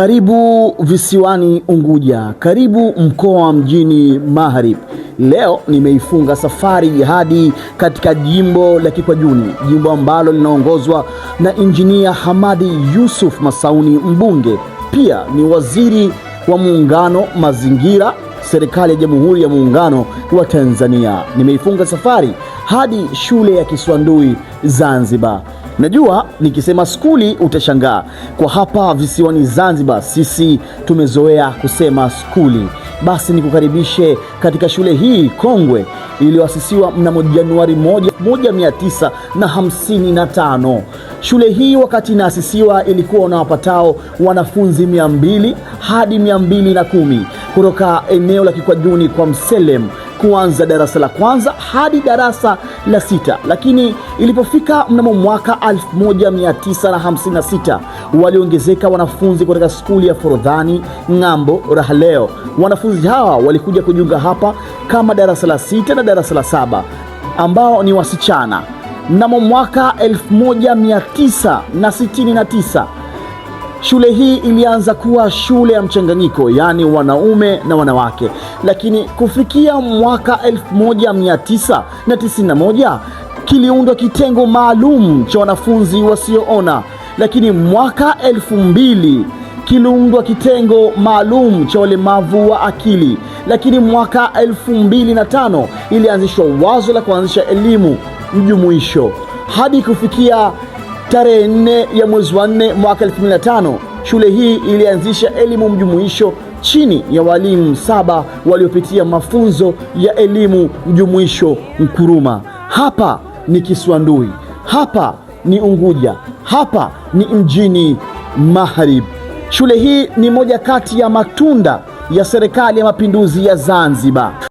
Karibu visiwani Unguja, karibu mkoa mjini Magharibi. Leo nimeifunga safari hadi katika jimbo la Kikwajuni, jimbo ambalo linaongozwa na Injinia Hamadi Yusuf Masauni, mbunge pia ni waziri wa muungano mazingira, serikali ya Jamhuri ya Muungano wa Tanzania. Nimeifunga safari hadi shule ya Kiswandui Zanzibar Najua nikisema skuli utashangaa. Kwa hapa visiwani Zanzibar, sisi tumezoea kusema skuli. Basi nikukaribishe katika shule hii kongwe iliyoasisiwa mnamo Januari 1955. Shule hii wakati inaasisiwa ilikuwa na wapatao wanafunzi 200 hadi 210 kutoka eneo la Kikwajuni kwa Mselem kuanza darasa la kwanza hadi darasa la sita, lakini ilipofika mnamo mwaka 1956 waliongezeka wanafunzi kutoka skuli ya Forodhani ng'ambo Rahaleo. Wanafunzi hawa walikuja kujiunga hapa kama darasa la sita na darasa la saba ambao ni wasichana. Mnamo mwaka 1969 Shule hii ilianza kuwa shule ya mchanganyiko, yaani wanaume na wanawake, lakini kufikia mwaka 1991 kiliundwa kitengo maalum cha wanafunzi wasioona, lakini mwaka 2000 kiliundwa kitengo maalum cha walemavu wa akili, lakini mwaka 2005 ilianzishwa wazo la kuanzisha elimu mjumuisho hadi kufikia Tarehe nne ya mwezi wa nne mwaka tano shule hii ilianzisha elimu mjumuisho chini ya walimu saba waliopitia mafunzo ya elimu mjumuisho Nkuruma. Hapa ni Kiswandui, hapa ni Unguja, hapa ni mjini Magharibi. Shule hii ni moja kati ya matunda ya Serikali ya Mapinduzi ya Zanzibar.